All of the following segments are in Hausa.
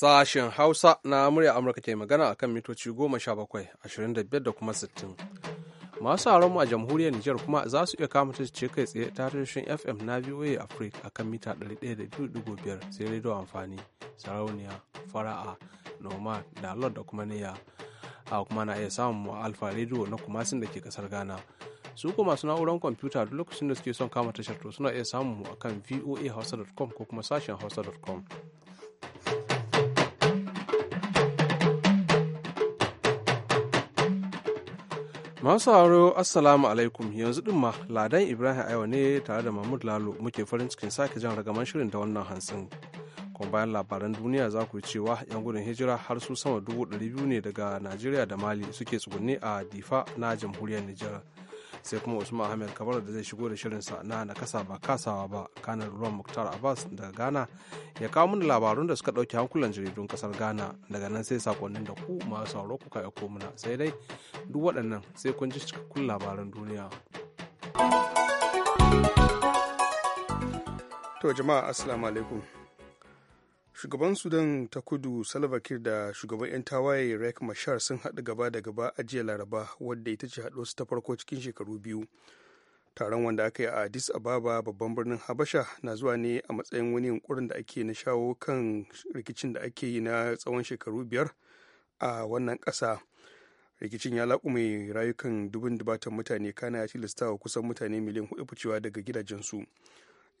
Sashen Hausa na murya Amurka ke magana akan mitoci goma sha bakwai, ashirin da biyar da kuma sittin. Masu mu a jamhuriyar Nijar kuma za su iya kama ce kai tsaye ta tashin FM na VOA Africa kan mita 102.5 sai radio amfani, sarauniya, fara'a, noma, lord da kuma niyya. a kuma na iya samun mu alfa rediyo na kumasin da ke kasar ghana su kuma suna na'urar kwamfuta duk lokacin da suke son kama tashar to suna iya samun mu a akan hausa.com ko kuma sashen hausa.com Masu haro Assalamu alaikum yanzu din ma Ladan Ibrahim Aiwa ne tare da Mahmud Lalo muke farin cikin sake jan ragaman shirin da wannan hansin Kuma bayan labaran duniya za ku cewa 'yan gudun hijira har su sama dubu ɗari biyu ne daga Najeriya da Mali suke tsugunne a Difa na jamhuriyar Nijar. sai kuma usman ahmed kabar da zai shigo da shirinsa na nakasa ba kasawa ba kanar ruwan muktar abbas daga ghana ya kawo mana labarun da suka ɗauki hankulan jaridun kasar ghana daga nan sai sakonnin da ku masu sauro kuka aiko mana sai dai duk waɗannan sai kun ji cikakkun labaran duniya to jama'a assalamu alaikum shugaban sudan ta kudu salva da shugaban 'yan tawaye rek mashar sun haɗu gaba da gaba a jiya laraba wadda ita ce haɗuwarsu ta farko cikin shekaru biyu taron wanda aka yi a addis ababa babban birnin habasha na zuwa ne a matsayin wani yunkurin da ake na shawo kan rikicin da ake yi na tsawon shekaru biyar a wannan ƙasa rikicin ya laƙume rayukan dubin dubatan mutane kana ya tilasta wa kusan mutane miliyan hudu ficewa daga gidajensu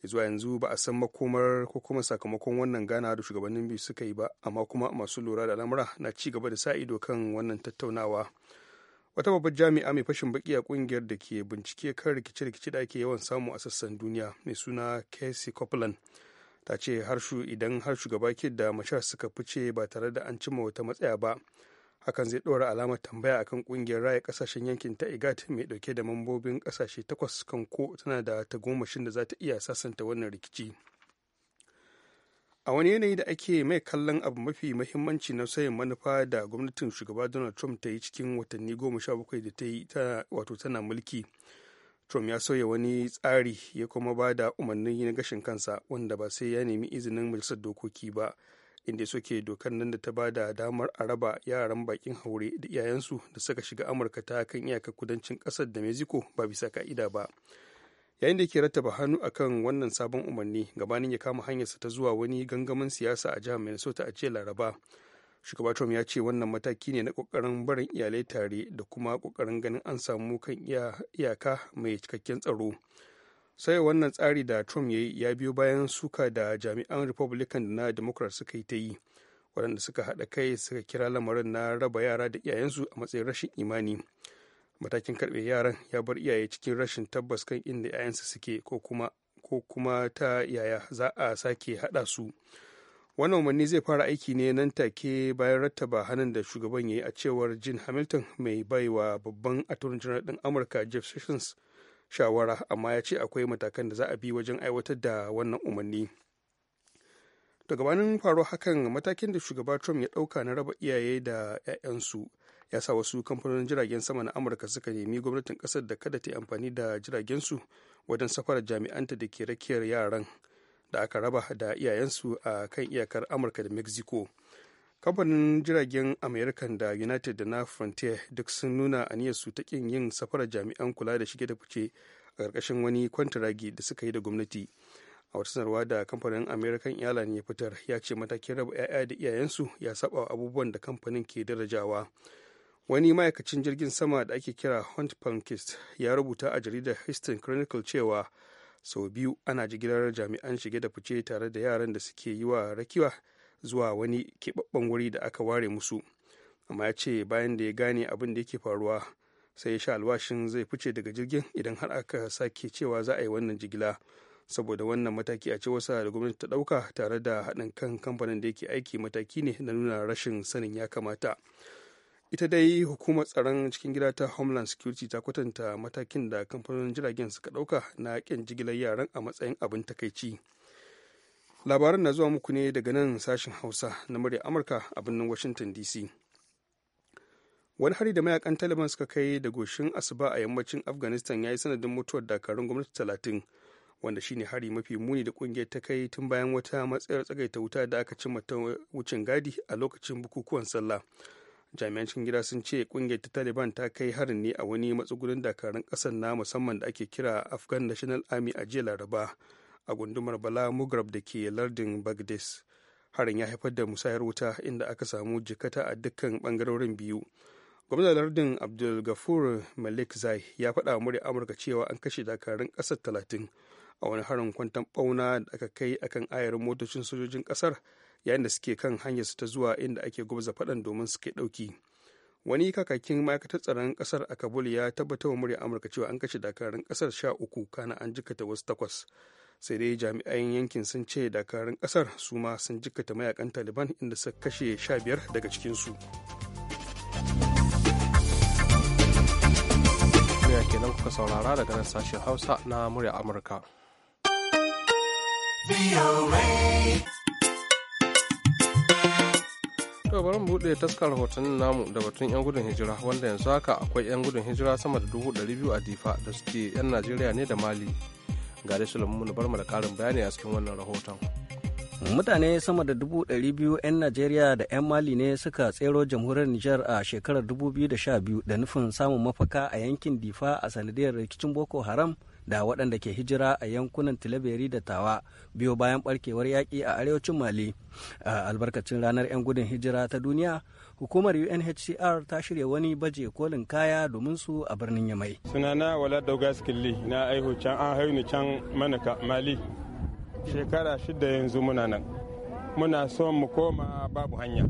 zuwa yanzu ba a san makomar ko kuma sakamakon wannan gana da shugabannin biyu suka yi ba amma kuma masu lura da lamura na ci gaba da sa ido kan wannan tattaunawa wata babbar jami'a mai fashin baki a kungiyar da ke bincike kan rikice-rikice da ake yawan samu a sassan duniya mai suna casey copeland ta ce har idan har shugaba ke da mashar suka fice ba tare da an cimma wata matsaya ba hakan zai ɗora alamar tambaya akan ƙungiyar raya kasashen yankin ta igat mai ɗauke da mambobin kasashe takwas kan ko tana da tagomashin da za ta iya sasanta wannan rikici a wani yanayi da ake mai kallon abu mafi mahimmanci na sayin manufa da gwamnatin shugaba donald trump ta yi cikin watanni goma sha bakwai da ta yi wato tana mulki trump ya sauya wani tsari ya kuma ba da umarnin na gashin kansa wanda ba sai ya nemi izinin majalisar dokoki ba inda suke dokar nan da ta ba da damar a raba yaran bakin haure da iyayensu da suka shiga amurka ta kan iyakar kudancin kasar da mexico ba bisa ka'ida ba yayin da ke rattaba hannu akan wannan sabon umarni gabanin ya kama hanyarsa ta zuwa wani gangamin siyasa a jihar minnesota a jiya laraba shugaba trump ya ce wannan mataki ne na kokarin barin iyalai tare da kuma kokarin ganin an samu kan iyaka mai cikakken tsaro sai wannan tsari da trump ya yi ya biyo bayan suka da jami'an republican da na democrat suka yi ta yi waɗanda suka haɗa kai suka kira lamarin na raba yara da iyayensu a matsayin rashin imani matakin karɓe yaran ya bar iyaye cikin rashin tabbas kan inda 'ya'yansa suke ko kuma ta yaya za a sake haɗa su wannan umarni zai fara aiki ne nan take bayan rattaba hannun da shugaban ya yi a cewar jin hamilton mai baiwa babban attorney general ɗin amurka jeff sessions shawara amma ya ce akwai matakan da za a bi wajen aiwatar da wannan umarni da gabanin faro hakan matakin da shugaba trump ya dauka na raba iyaye da 'ya'yansu ya sa wasu kamfanonin jiragen sama na amurka suka nemi gwamnatin kasar da kada ta yi amfani da jiragensu wajen safarar jami'anta da ke rakiyar yaran da aka raba da iyayensu a kan iyakar amurka da mexico kamfanin jiragen american da united da na frontier duk sun nuna a aniyar su ta kin yin safarar jami'an kula da shige da fice a ƙarƙashin wani kwantaragi da suka yi da gwamnati a wata sanarwa da kamfanin american airline ya fitar ya ce matakin raba 'ya'ya da iyayensu ya saba abubuwan da kamfanin ke darajawa wani ma'aikacin jirgin sama da ake kira hunt punkist ya rubuta a jaridar houston chronicle cewa sau biyu ana jigilar jami'an shige da fice tare da yaran da suke yi wa rakiwa zuwa wani keɓaɓɓen wuri da aka ware musu amma ya ce bayan da ya gane abin da yake faruwa sai ya sha alwashin zai fice daga jirgin idan har aka sake cewa za a yi wannan jigila saboda wannan mataki a wasa da gwamnati ta ɗauka tare da haɗin kan kamfanin da yake aiki mataki ne na nuna rashin sanin ya kamata ita dai hukumar tsaron cikin gida ta homeland security ta kwatanta matakin da kamfanonin jiragen suka ɗauka na ƙin jigilar yaran a matsayin abin takaici labaran na zuwa muku ne daga nan sashen hausa na murya amurka a birnin washington dc wani hari da mayakan taliban suka kai da goshin asuba a yammacin afghanistan ya yi sanadin mutuwar dakarun gwamnati talatin wanda shine hari mafi muni da kungiyar ta kai tun bayan wata matsayar tsagaita wuta da aka cimma ta wucin gadi a lokacin bukukuwan sallah jami'an cikin gida sun ce kungiyar ta taliban ta kai harin ne a wani matsugunin dakarun kasar na musamman da ake kira afghan national army a jiya laraba a gundumar bala mugrab da ke lardin bagdis harin ya haifar da musayar wuta inda aka samu jikata a dukkan bangarorin biyu gwamnan lardin abdulgafur malik zai ya faɗa murya amurka cewa an kashe dakarun ƙasar talatin a wani harin kwantan ɓauna da aka kai akan ayarin motocin sojojin ƙasar yayin da suke kan hanyarsu ta zuwa inda ake gwabza faɗan domin suke ɗauki wani kakakin ma'aikatar tsaron ƙasar a kabul ya tabbatar wa murya amurka cewa an kashe dakarun kasar sha uku kana an jikata wasu takwas sai dai jami'an yankin sun ce dakarun kasar su ma sun jikkata mayakan taliban inda suka kashe 15 daga cikinsu murya kenan kuka saurara daga nan sashen hausa na murya amurka To bari mu buɗe taskar rahotannin namu da batun 'yan gudun hijira wanda yanzu haka akwai 'yan gudun hijira sama da dubu a difa da suke 'yan Najeriya ne da Mali ga dai Sulaiman bar mu da karin bayani a cikin wannan rahoton. Mutane sama da 200,000 'yan Najeriya da 'yan Mali ne suka tsero jamhuriyar Nijar a shekarar 2012 da nufin samun mafaka a yankin Difa a sanadiyar rikicin Boko Haram da waɗanda ke hijira a yankunan tilaberi da tawa biyo bayan ɓarkewar yaƙi a arewacin mali a albarkacin ranar 'yan gudun hijira ta duniya hukumar unhcr ta shirya wani baje kolin kaya domin su a birnin yamai sunana wala daugas na aihu can an haini can manaka mali shekara shida yanzu muna nan muna son mu koma babu hanya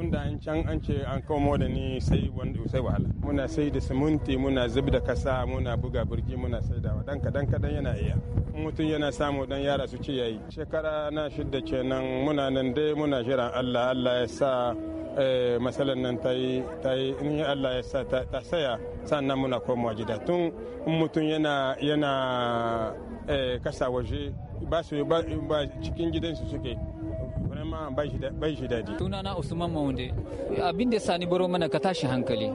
tun da an can an ce an komo da ni sai sai wahala muna sai da siminti muna zub da kasa muna buga burki muna sai da dan kadan kadan yana iya mutum yana samu dan yara su ci yayi shekara na shidda kenan muna nan dai muna jiran Allah Allah ya sa eh, masalan nan ta yi in Allah ya sa ta saya sannan muna komawa gida tun mutum yana yana eh, kasa waje ba su ba cikin gidansu suke ma bai shi Sunana Usman Maunde, abin da sani baro mana ka tashi hankali.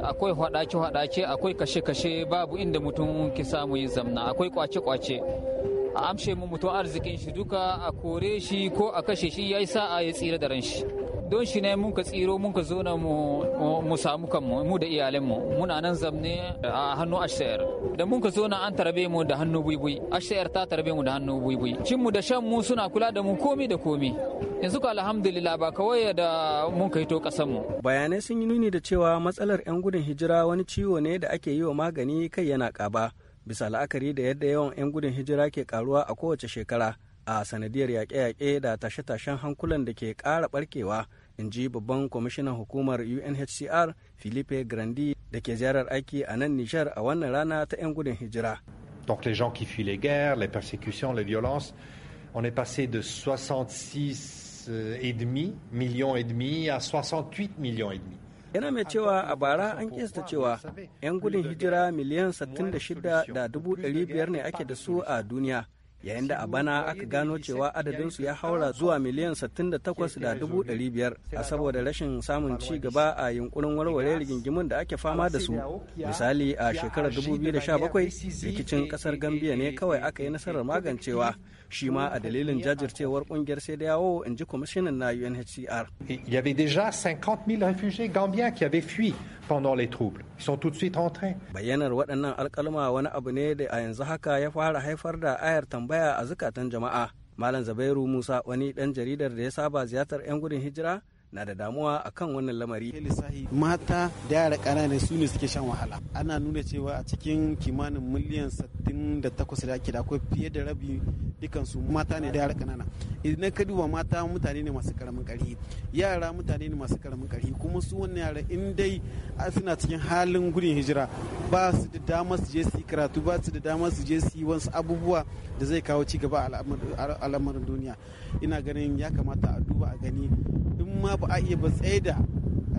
akwai hwadace-hwadace akwai kashe-kashe babu inda mutum ke samu yin zamna akwai kwace-kwace a amshe mu mutum arzikin shi duka a kore shi ko a kashe shi ya yi sa'a ya tsira da ran shi don shi ne mun ka tsiro mun ka zo mu samu kanmu mu da iyalinmu muna nan zamne a hannu ashayar da mun ka zo na an tarbe mu da hannu buibui ashayar ta tarbe mu da hannu buibui cin mu da shan mu suna kula da mu komi da komi yanzu ka alhamdulillah ba kawai da mun kai to kasan mu bayanai sun yi nuni da cewa matsalar yan gudun hijira wani ciwo ne da ake yi wa magani kai yana kaba bisa la'akari da yadda yawan yan gudun hijira ke karuwa a kowace shekara a sanadiyar yaƙe-yaƙe da tashe-tashen hankulan da ke ƙara ɓarkewa in ji babban kwamishinan hukumar unhcr philippe grandi da ke ziyarar aiki a nan nijar a wannan rana ta 'yan gudun hijira donc les gens qui fuient les guerres les persécutions les violences on est passé de 66 euh, et demi millions et demi à 68 millions et demi yana mai cewa a bara an kista cewa 'yan gudun hijira miliyan 66 da 500 ne ake da su a duniya yayin da a bana aka gano cewa adadinsu ya haura zuwa miliyan 68,500 a saboda rashin samun ci gaba a yunkurin warware rigingimun da ake fama da su misali a shekarar 2017 rikicin kasar gambia ne kawai aka yi nasarar magancewa shi ma a dalilin jajircewar kungiyar sai yawo in ji kwamishinan na UNHCR. yabe deja 50,000 déjà 50 000 les troubles. Ils sont tout de suite Bayyanar waɗannan alkalma wani abu ne da a yanzu haka ya fara haifar da ayar tambaya a zukatan jama'a. Malam Zabairu Musa wani ɗan jaridar da ya saba ziyartar 'yan gudun hijira na da damuwa a kan wannan lamari. Mata da yara ƙanana su ne suke shan wahala. Ana nuna cewa a cikin kimanin miliyan 68 da ake da akwai fiye da rabi dukansu mata ne da yara ƙanana. Idan ka duba mata mutane ne masu karamin ƙarfi, yara mutane ne masu karamin ƙarfi kuma su wannan yara in dai suna cikin halin gudun hijira ba su da damar su je su karatu ba su da damar su je su yi wasu abubuwa da zai kawo ci gaba a al'amarin duniya. Ina ganin ya kamata a duba a gani kuma ma ba a iya ba tsaye da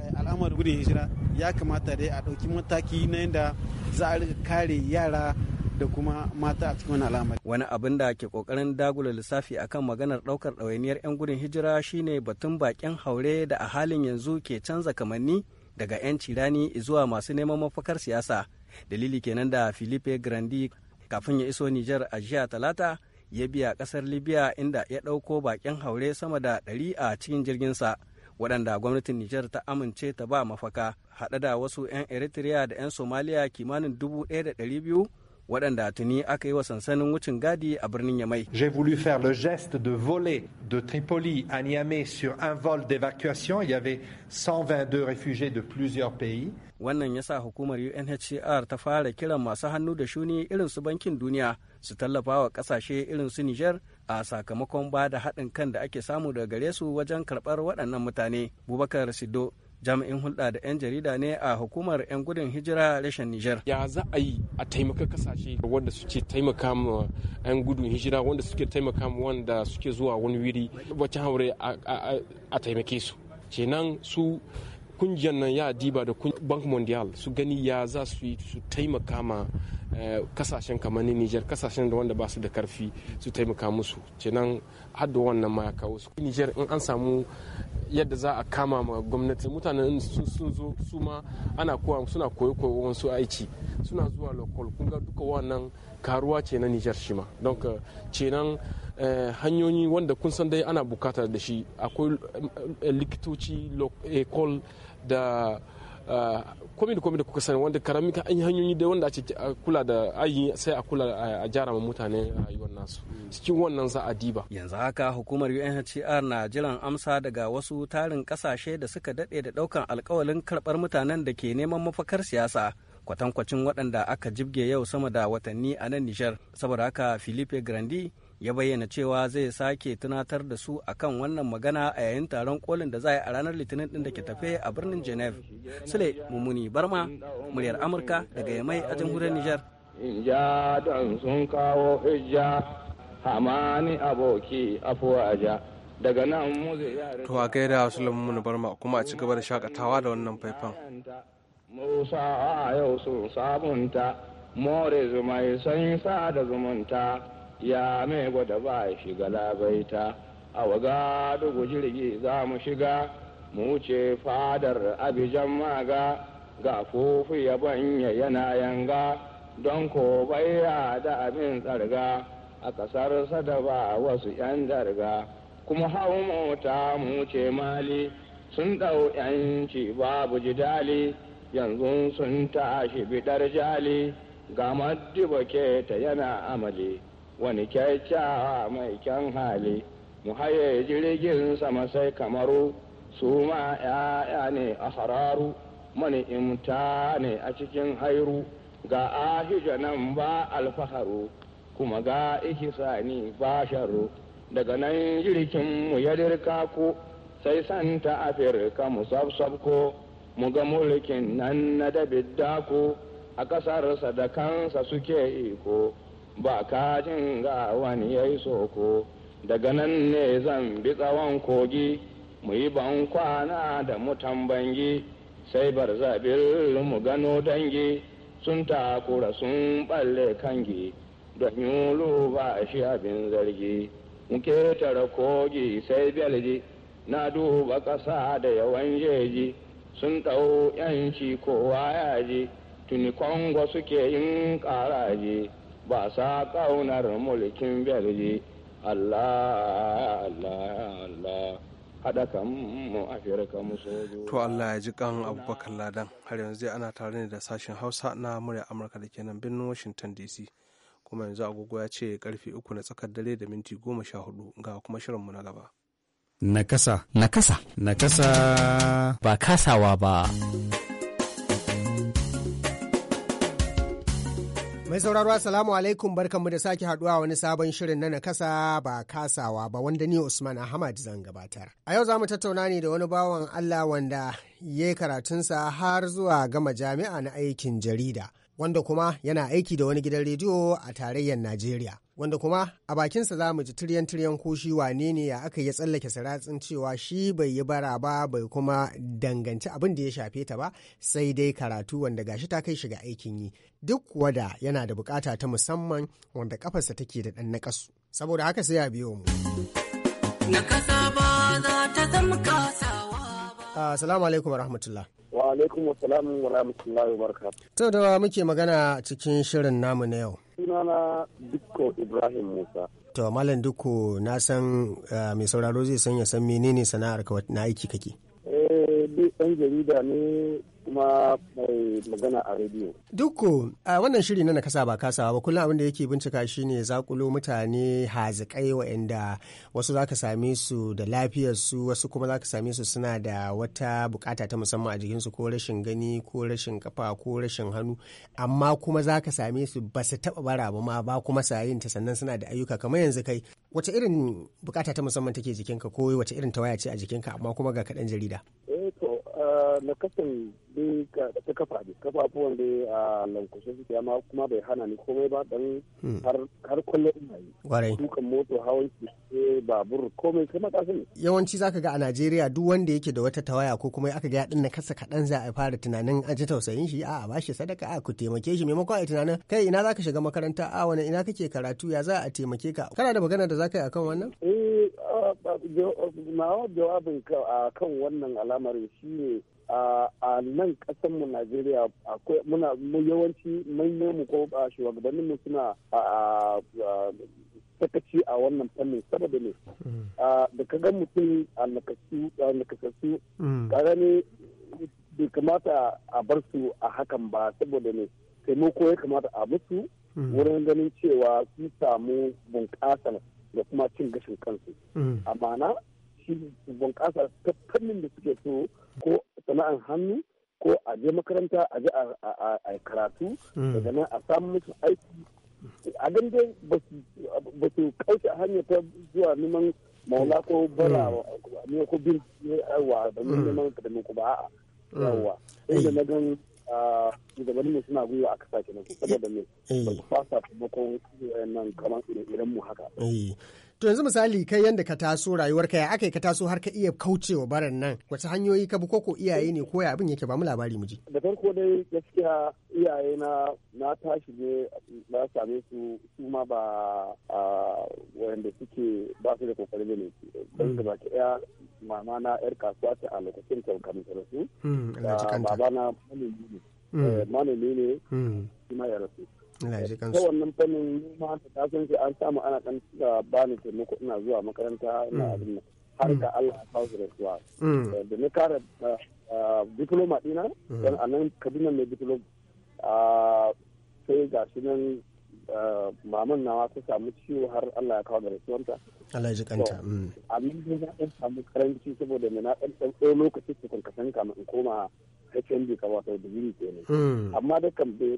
eh, alamar gudun hijira ya kamata dai a ɗauki mataki na yadda za a rika kare yara da kuma mata a cikin wani al'amari. Wani abin da ke kokarin dagula lissafi akan maganar ɗaukar ɗawainiyar 'yan gudun hijira shine batun bakin haure da a halin yanzu ke canza kamanni daga 'yanci rani zuwa masu neman mafakar siyasa. Dalili kenan da Filipe Grandi kafin ya iso Nijar a jiya talata ya biya kasar Libya inda ya ɗauko bakin haure sama da dari a cikin jirginsa. waɗanda gwamnatin Nijar ta amince ta ba mafaka haɗe da wasu 'yan Eritrea da 'yan Somaliya kimanin 1,200 waɗanda tuni aka yi wa sansanin wucin gadi a birnin Yamai. J'ai voulu faire le geste de voler de Tripoli à Niamey sur un vol d'évacuation. Il y avait 122 réfugiés de plusieurs pays. Wannan ya sa hukumar UNHCR ta fara kiran masu hannu da shuni irin su bankin duniya su tallafa wa ƙasashe irin su niger. a sakamakon ba da haɗin kan da ake samu daga gare su wajen karɓar waɗannan mutane bubakar sido jami'in hulɗa da 'yan jarida ne a hukumar 'yan gudun hijira reshen Nijar. Ya za a yi a taimaka kasashe wanda suke taimaka ma 'yan gudun hijira wanda suke taimaka ma wanda suke zuwa wani wuri wacce haure a taimake su. Kenan su kungiyar nan ya diba da bank mondial su gani ya za su yi su taimaka ma eh, kasashen kamar ni niger kasashen da wanda ba su da karfi su taimaka musu kenan har da wannan ma ya kawo su niger in an samu yadda za a kama ma gwamnati mutanen sun zo su ma ana kowa suna koyo koyo wasu aiki suna zuwa lokal kun ga duka wannan karuwa ce na nijar shi ma don eh, nan eh, hanyoyi wanda kun san dai ana bukatar da shi akwai eh, likitoci ecole da komi da komi da kuka sani wanda karamika an yi hanyoyi da wanda ake kula da ayi sai a kula a jara ma mutane rayuwar nasu cikin wannan za a diba yanzu haka hukumar UNHCR na jiran amsa daga wasu tarin kasashe da suka dade da daukan alkawalin karbar mutanen da ke neman mafakar siyasa kwatankwacin waɗanda aka jibge yau sama da watanni a nan Nijar. Saboda haka Filipe Grandi ya bayyana cewa zai sake tunatar da su akan wannan magana a yayin taron kolin da za a ranar litinin din da ke tafe a birnin geneve Sule Mumuni Barma, muryar Amurka daga Yamai a jamhuriyar Nijar. Ja don sun kawo hijja, hamani aboki Barma kuma a ci da shakatawa da wannan faifan. Musa a yau sun sabunta, more zumai sun sa da zumunta, ya mai gwada ba shiga labaita, a waga dugu jirgi za mu shiga, mu ce fadar abijan maga, ga fufu ya banya yana yanga, don ko baya da abin tsarga, a ƙasar da ba wasu ‘yan darga, kuma hau mota mu ce mali, sun ɗau ‘yanci babu jidali. yanzu sun tashi biɗar jali ga maddibake ta yana amali wani kyakkyawa mai kyan hali mu haye jirgin sama sai kamaru su ma ‘ya'ya ne a hararu mani imta ne a cikin hairu ga ahija nan ba alfaharu kuma ga ihisani ba sharu daga nan jirgin mu ya dirka ku sai santa afirka mu sabsabko ko mu ga mulkin nan na dabidda ku a ƙasarsa da kansa suke iko ba kajin ga wani ya yi soko daga nan ne zan bi tsawon kogi mu yi ban kwana da mutan bangi sai barzabir mu gano dangi sun takura sun balle kangi don yulu ba shi abin zargi mu ketare kogi sai belji na duba ƙasa da yawan jeji sun ɗau yanci kowa ya je tuni kongo suke yin ƙaraje ba sa ƙaunar mulkin belje allah allah allah haɗa kan mu afirka mu sojo to allah ya ji ƙan abubakar ladan har yanzu ana tare ne da sashen hausa na murya amurka da kenan nan birnin washington dc kuma yanzu agogo ya ce karfe uku na tsakar dare da minti goma sha hudu ga kuma shirinmu na gaba Nakasa. Nakasa. Nakasa. Ba kasawa ba. Mai sauraro Assalamu alaikum barkanmu da sake haduwa wani sabon shirin na nakasa ba kasawa ba wanda ni Usman Ahmad zan gabatar. A yau za mu tattauna ne da wani bawan Allah wanda ya yi karatunsa har zuwa gama jami'a na aikin jarida, wanda kuma yana aiki da wani gidan rediyo a tarayyar Najeriya. wanda kuma a bakinsa za mu ji tiryan-tiryan ko shi wane ne ya aka ya tsallake saratsin cewa shi bai yi bara ba bai kuma danganci abin da ya shafe ta ba sai dai karatu wanda gashi ta kai shiga aikin yi duk wada yana da bukata ta musamman wanda kafarsa take da dan nakasu saboda haka sai ya biyo mu nakasa ba za ta zama kasa Ah, assalamu alaikum warahmatullah. Wa alaikum salam wa rahmatullahi wa barakatuh. To da muke magana cikin shirin namu na yau. Sunana Dukko Ibrahim Musa. To Malam Dukko na san ah, mai sauraro zai san ya san menene sana'ar ka na aiki kake. Eh, bi ɗan jarida ne kuma mai magana a rediyo. duk a wannan shiri na nakasa ba kasawa ba kullum abin da yake bincika shi ne zakulo mutane hazikai waɗanda wasu za ka same su da lafiyar su wasu kuma ka same su suna da wata bukata ta musamman a jikin su ko rashin gani ko rashin kafa ko rashin hannu amma kuma za ka same su ba su taba bara ba ma ba kuma sayin ta sannan suna da ayyuka kamar yanzu kai wace irin bukata ta musamman take jikinka ko wace irin tawaya ce a jikinka amma kuma ga kaɗan jarida. Eh to na kasan dai ta kafa ne kafafuwan dai a lankushe suke amma kuma bai hana ni komai ba dan hmm. har kullum ina yi warai dukan moto hawan shi babur komai kai matasa ne yawanci zaka ga a Najeriya duk wanda yake da wata tawaya ko kuma aka ga ya dinna kasa kadan za a fara tunanin a ji tausayin shi a ba shi sadaka a ku taimake shi maimakon a tunanin kai ina zaka shiga makaranta a wani ina kake karatu ya za a taimake ka kana da magana da zaka yi akan wannan eh nawa jawabin kan wannan al'amarin ne. a nan mu najeriya akwai muna yawanci manyan mu ko shugabannin mu suna sakaci a wannan fannin saboda ne mm. da ka ga mutum a nakasassu karami mm. bai kamata a bar su a hakan ba saboda ne taimako ya kamata a musu mm. wurin ganin cewa sun samu bunƙasa da kuma cin gashin kansu na shi bunƙasa ta fannin da suke so ko sana'an hannu ko a je makaranta a je a karatu hmm. daga nan a samu musu aiki a dan dai ba su kauce hanyar ta zuwa neman maula ko hmm. bara ne ko bin yawa da hmm. neman da ko ba a yawa inda na gan shugabannin suna gwiwa a kasashe nan saboda ne ba su fasa taimakon eh, nan kamar irin mu haka To yanzu misali kai yanda ka taso rayuwar ya aka yi ka taso har ka iya kaucewa baran nan wace hanyoyi ka bi koko iyaye ne ko ya abin yake ba mu labari mu Da farko dai gaskiya iyaye na na tashi ne na same su su ma ba wanda suke ba su da kokari ne Dan da baki ɗaya mama na yar kasuwa ta a lokacin kan su. Hmm, baba na manomi ne. Hmm. Eh, manomi ne. Kuma hmm. ya rasu. ta wannan fannin ma ta tasan shi an samu ana ɗan ba ni taimako ina zuwa makaranta ina mm. abin nan har ka mm. Allah ya da suwa mm. eh, da na kara eh, eh, diploma ɗina don a nan kabinan mai diploma sai ga shi nan maman nawa ta samu ciwo har Allah ya kawo da rasuwanta. Allah ya ji kanta. Amma na ɗan samu karanci saboda na ɗan ɗan ɗan lokacin su kan kasan kama in koma HMB ka wato digiri kenan. Amma da kan bai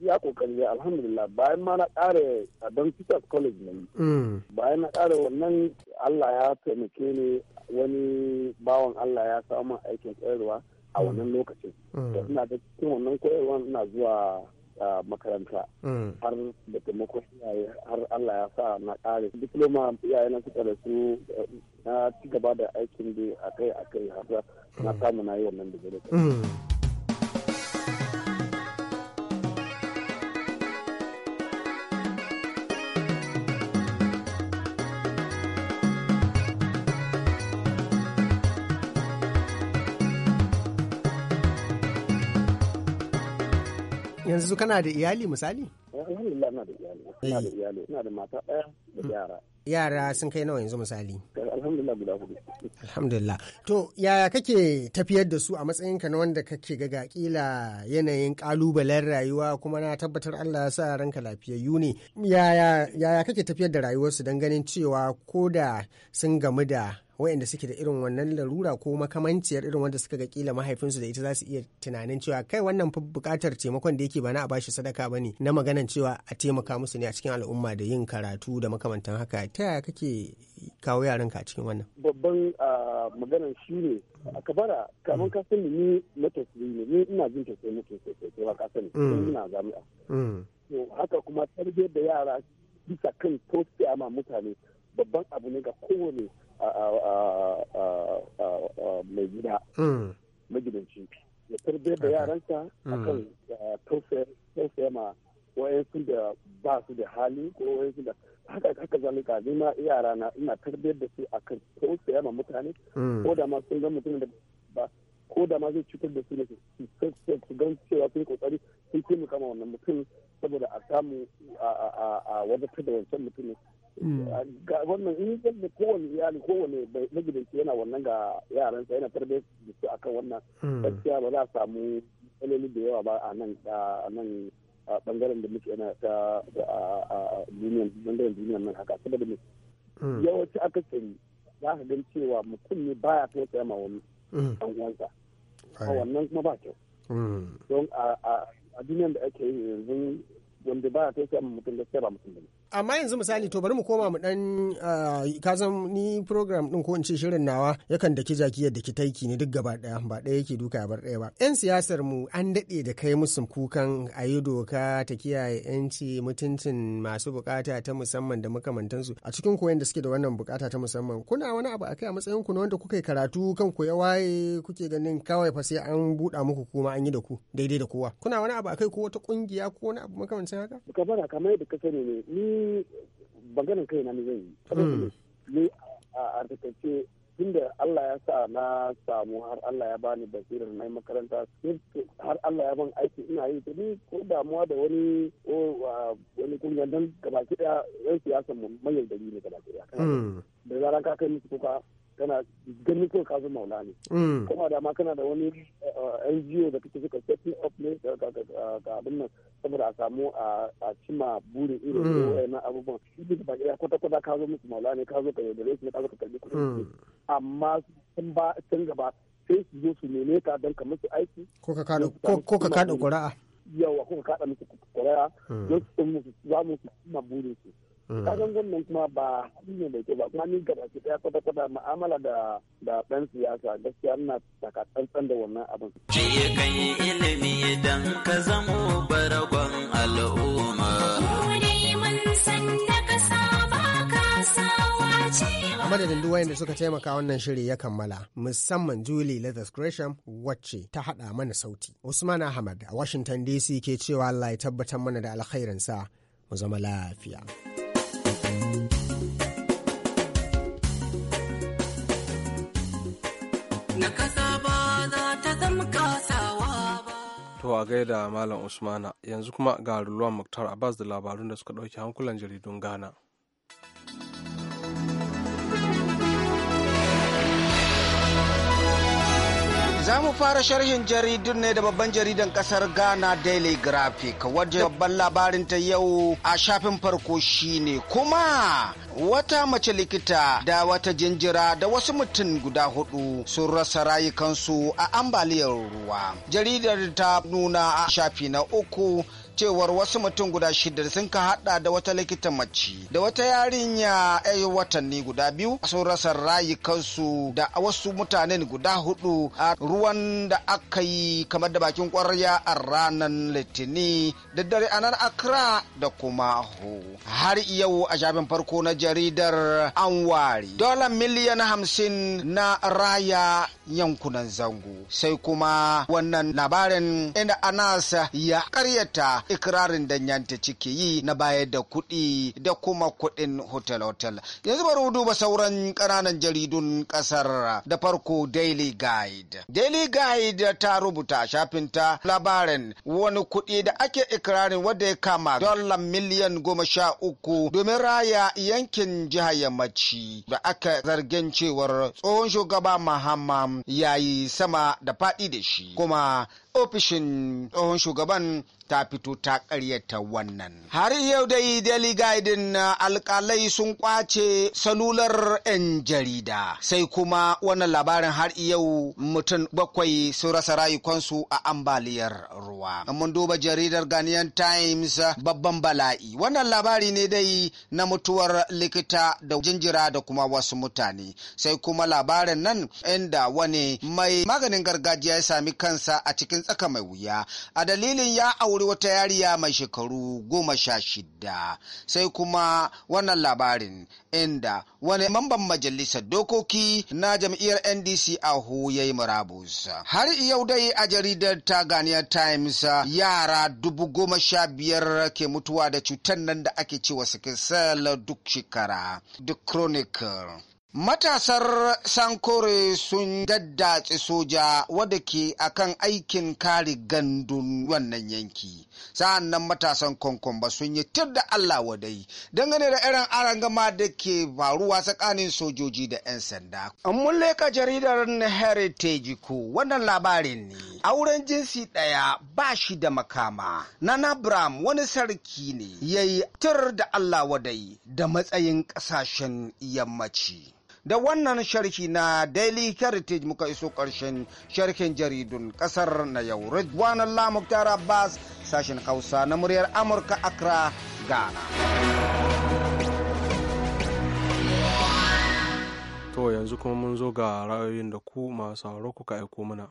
ya' kokari da alhamdulillah bayan ma na kare don teachers college ne mm. bayan na kare wannan Allah ya taimake ni wani bawan Allah ya samu aikin koyarwa a mm. wannan lokacin da mm. ina da cikin wannan koyarwa na zuwa makaranta har da taimakon iyaye har Allah ya sa na kare diploma iyaye na suka da su eh, na ci gaba da aikin da akai akai har na samu na yi wannan da yanzu kana da iyali misali? yara. sun kai nawa yanzu misali? Alhamdulillah guda hudu. To yaya kake tafiyar da su a matsayinka na wanda kake ga gaƙila yanayin ƙalubalen rayuwa kuma na tabbatar Allah ya sa ranka lafiyayyu ne. yaya kake tafiyar da rayuwarsu don ganin cewa ko da sun gamu da wayanda suke da irin wannan larura ko makamanciyar irin wanda suka ga kila mahaifinsu da ita za su iya tunanin cewa kai wannan buƙatar taimakon da yake ba na a bashi sadaka ba ne na maganan cewa a taimaka musu ne a cikin al'umma da yin karatu da makamantan haka ta yaya kake kawo yaranka a cikin wannan babban maganar shi ne a kabara kamar ka sani ni na tasiri ne ni ina jin tasiri mutum sai ba ka sani mm. ina jami'a mm. haka kuma tarbiyyar da yara bisa kan ko ma mutane babban abu ne ga kowane mai gida mm. magidanci ya tarbe da yaransa. a kan mm. tausaya ma wayansu da ba su da hali ko wayansu da haka haka zalika ni ma yara na ina tarbe da su akan tausaya ma mutane mm. ko da ma sun ga mutum da ba ko da ma zai cutar da su ne su gan cewa sun kokari sun taimaka ma wannan mutum saboda a samu a wadatar da wancan mutumin Mm. ga wannan in yadda kowane iyali kowane magidanci yana wannan ga yaransa yana tarbiyyar da su akan wannan mm. gaskiya ba za a samu matsaloli da yawa ba a nan a nan bangaren da muke yana ta duniyan bangaren duniyan nan haka saboda me mm. yawanci aka ce za ka gan cewa mutum ne baya so ya ma wani dan uwansa a wannan kuma ba kyau don a duniyan da ake yanzu wanda baya so ya ma mutum gaskiya ba mutum ba ne amma yanzu misali to bari mu koma mu dan ah, ka zan ni program din ko in ce shirin nawa yakan daki jaki yadda ki taiki ne duk gaba daya ba daya yake duka bar daya ba yan siyasar mu an dade da kai musu kukan ayi doka ta kiyaye yanci mutuncin masu bukata ta musamman da makamantansu a cikin koyon da suke da wannan bukata ta musamman kuna wani abu akai a matsayin ku na wanda kuka karatu kan ya waye kuke ganin kawai fa sai an buɗa muku kuma an yi da ku daidai da kowa kuna wani abu akai ko wata kungiya ko wani abu makamancin haka kamar da ka sani ne ni ni bangaren kai na zai yi hmm. ni a takaice tunda Allah ya sa na samu har Allah ya bani basirar na makaranta har Allah ya ban aiki ina yi to ni ko damuwa da wani wani kungiyar dan gabaki ɗaya yan siyasa mu manyan dalili ne gabaki daya hmm. da zaran ka kai musu kuka kana ganin kai ka zama maula ne mm. kuma da ma kana da wani eh, NGO da kake suka setting up ne ga abin nan saboda a samu a cima burin irin mm. na abubuwan shi ba ya kwata kwata ka zo musu maula ne ka zo ka yaudare su ne ka zo ka karbi kuɗi mm. amma sun ba sun gaba sai su zo su nene ka don ka musu aiki ko ka kaɗa ƙuri'a yawa ko ka kaɗa musu ƙuri'a don su musu za mu su cima burin su kasan eh. gwamnan kuma ba ne mai kyau ba kuma ni gaba ke ta kwata kwata ma'amala da da ɗan siyasa gaskiya ina taka tsantsan da wannan abin kan yi ilimi dan ka zamo baragon al'umma madadin duk wayanda suka taimaka wannan shiri ya kammala musamman Julie Leathers Gresham wacce ta hada mana sauti. Usman Ahmad a Washington DC ke cewa Allah ya tabbatar mana da alkhairinsa mu zama lafiya. na kasa ba za ta zama kasawa ba. To a gaida Malam Usmana yanzu kuma ga Ruluwan Muktar Abbas da labarun da suka ɗauki hankulan jaridun Ghana. Za mu fara sharhin jaridun ne da babban jaridan kasar Ghana Daily Graphic wadda babban labarin ta yau a shafin farko shine kuma wata mace likita da wata jinjira da wasu mutum guda hudu sun rasa rayukansu a ambaliyar ruwa. Jaridar ta nuna a shafi na uku cewar wasu mutum guda shida sun ka hada da wata likita mace da wata yarinya a watanni guda biyu sun rasa rayukansu da wasu mutanen guda hudu a ruwan da aka yi kamar da bakin kwarya a ranar litini da dare a nan akra da kuma ho har yau a shafin farko na jaridar anwari dola miliyan hamsin na raya yankunan zango sai kuma wannan labarin inda anas ya karyata ikirarin da yanta ciki yi na bayar da kuɗi da kuma kuɗin hotel-hotel yanzu bari mu duba sauran ƙananan jaridun ƙasar da farko daily guide daily guide ta rubuta a shafinta labarin wani kuɗi da ake ikirarin wadda ya kama dala miliyan goma sha uku domin raya yankin jihar yammaci da aka zargin cewar tsohon shugaba Mahama ya yi sama da faɗi da shi kuma ofishin tsohon shugaban ta fito ta karyata wannan. Har yau dai Daily na alkalai sun kwace salular 'yan jarida. Sai kuma wannan labarin har yau mutum bakwai sun rasa rayukansu a ambaliyar ruwa. Mun duba jaridar Ghanaian Times babban bala'i. Wannan labari ne dai na mutuwar likita da jinjira da kuma wasu mutane. Sai kuma labarin nan inda wani mai maganin gargajiya ya sami kansa a cikin tsaka mai wuya. A dalilin ya auri wuri wata yariya mai shekaru goma sha shida sai kuma wannan labarin inda wani mamban majalisar dokoki na jam'iyyar ndc a ya yi murabus har yau dai a jaridar ta ganiyar times yara dubu goma sha biyar ke mutuwa da cutar nan da ake cewa sikisel duk shekara the chronicle Matasar Sankore sun daddatsi soja wadda ke akan aikin kare gandun wannan yanki. Sa'an nan matasan Konkomba sun yi tir da Allah wadai dangane da irin arangama da ke faruwa tsakanin sojoji da 'yan sanda. An mun leka jaridar Heritage ko wannan labarin ne. Auren jinsi ɗaya ba shi da makama. Nana Bram wani sarki ne ya yi tir da Allah wadai da matsayin ƙasashen yammaci. da wannan sharhi na daily heritage muka iso ƙarshen sharhin jaridun ƙasar na yau ridwan allah muktar abbas sashen hausa na muryar amurka accra ghana to yanzu kuma mun zo ga ra'ayoyin da ku masu kuka aiko mana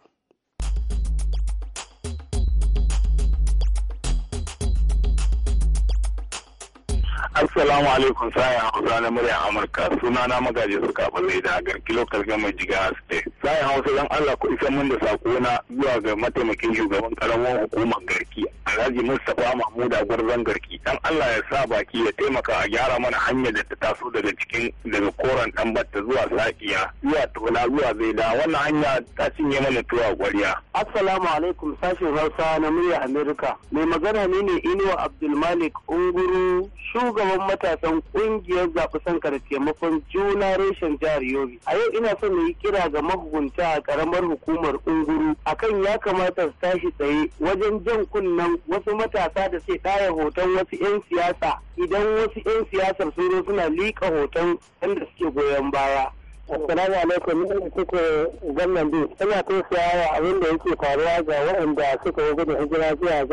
Assalamu alaikum ya Hausa na murya Amurka suna na magaji su ba zai da garki lokal mai jiga state. Sayan Hausa don Allah ku isa mun da sako na zuwa ga mataimakin shugaban karamar hukumar garki Alhaji Mustapha Mahmuda Gwarzon garki dan Allah ya sa baki ya taimaka a gyara mana hanyar da ta taso daga cikin daga koren dan batta zuwa sakiya zuwa Tola zuwa zai da wannan hanya ta cinye mana tuwa gwariya. Assalamu alaikum sashen Hausa na murya Amurka mai magana ne ne Inuwa Abdulmalik Unguru shugaban shugaban matasan kungiyar zaɓi sanka da taimakon juna reshen jihar yobe a yau ina son na yi kira ga mahukunta a karamar hukumar unguru akan ya kamata su tashi tsaye wajen jan kunnen wasu matasa da sai ɗaya hoton wasu 'yan siyasa idan wasu 'yan siyasar sun zo suna liƙa hoton wanda suke goyon baya Assalamu alaikum ni kuka gwamnan bi ina siyawa abin da yake faruwa ga waɗanda suka yi gudun hijira zuwa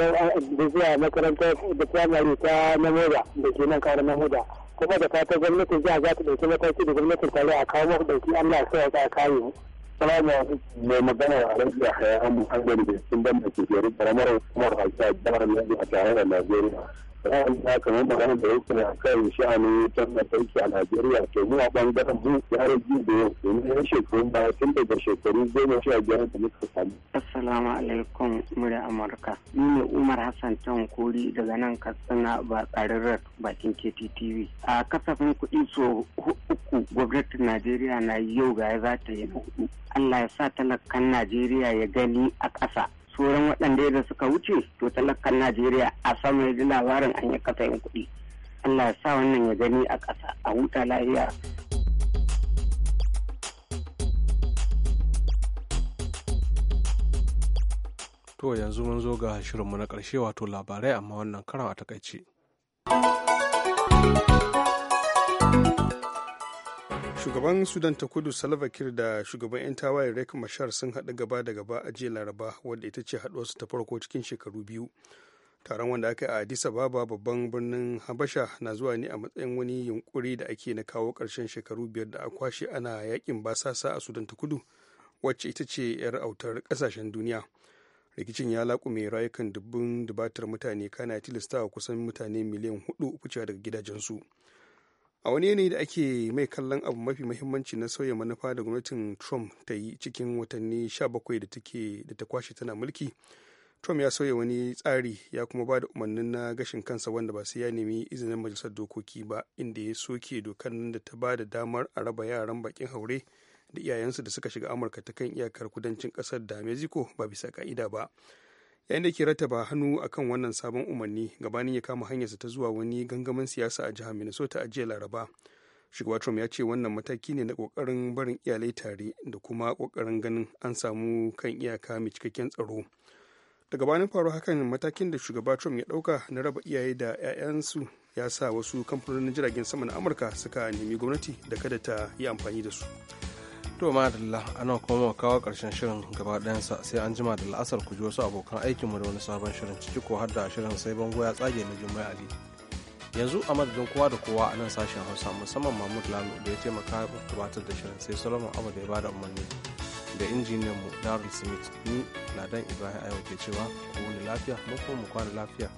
zuwa makarantar da firamare ta Namoda da ke nan na Namoda. Kuma da fatan gwamnatin jiha za ta ɗauki mataki da gwamnatin tare a kawo mafi ɗauki Allah sai ya sa kayi. Salamu alaikum mai magana a ran jiya haya an muhammadu da sun ban da ke jerin karamar hukumar a jihar Najeriya a tarayyar Najeriya. ra'ayin ta kamar magana da yake a kan sha'anin wutar lantarki a Najeriya to mu a bangaren mu ya rage da yau domin yan shekarun tun daga shekaru goma sha biyar da muka samu. Assalamu alaikum murya Amurka. Ni ne Umar Hassan Tankuri daga nan Katsina ba tsararrar bakin KTTV. A kasafin kuɗi so uku gwamnatin Najeriya na yau ga za ta yi na hudu. Allah ya sa talakan Najeriya ya gani a ƙasa. sauran waɗanda da suka wuce to talakan najeriya a sama ji labarin an yi yin kuɗi allah sa wannan ya gani a ƙasa a huta lafiya to yanzu mun zo ga shirinmu na ƙarshe wato labarai amma wannan karan a takaice. shugaban sudan ta kudu salva kiir da shugaban 'yan tawayen rek mashar sun haɗu gaba da gaba a jiya laraba wadda ita ce haɗuwarsu ta farko cikin shekaru biyu taron wanda aka yi a addis ababa babban birnin habasha na zuwa ne a matsayin wani yunkuri da ake na kawo karshen shekaru biyar da a kwashe ana yakin basasa a sudan ta kudu wacce ita ce 'yar autar ƙasashen duniya rikicin ya laƙume rayukan dubbin dubatar mutane kana wa kusan mutane miliyan hudu ficewa daga gidajensu a wani yanayi da ake mai kallon abu mafi mahimmanci na sauya manufa da gwamnatin trump ta yi cikin watanni 17 da take ta kwashe tana mulki trump ya sauya wani tsari ya kuma ba da umarnin na gashin kansa wanda ba sai ya nemi izinin majalisar dokoki ba inda ya soke dokar nan da ta ba da damar a raba yaran bakin haure da iyayensu da suka shiga amurka ta kan iyakar kudancin kasar da mexico ba bisa ka'ida ba yayin da ke rattaba hannu akan wannan sabon umarni gabanin ya kama hanyarsa ta zuwa wani gangamin siyasa a jihar minnesota a jiya laraba shugaba trump ya ce wannan mataki ne na kokarin barin iyalai tare da kuma kokarin ganin an samu kan iyaka mai cikakken tsaro daga bayan faru hakan matakin da shugaba trump ya dauka na raba iyaye da 'ya'yansu ya sa wasu kamfanonin jiragen sama na amurka suka nemi gwamnati da kada ta yi amfani da su to madalla a ana kuma mu kawo karshen shirin gaba ɗayansa sai an jima da la'asar ku ji wasu abokan aikinmu da wani sabon shirin ciki ko har da shirin sai bango ya tsage na jummai ali yanzu a madadin kowa da kowa a nan sashen hausa musamman mahmud lalu da ya taimaka gabatar da shirin sai solomon abu da ya bada umarni da injiniyan mu darren smith ni ladan ibrahim ayo ke cewa ku wani lafiya mu kuma mu kwana lafiya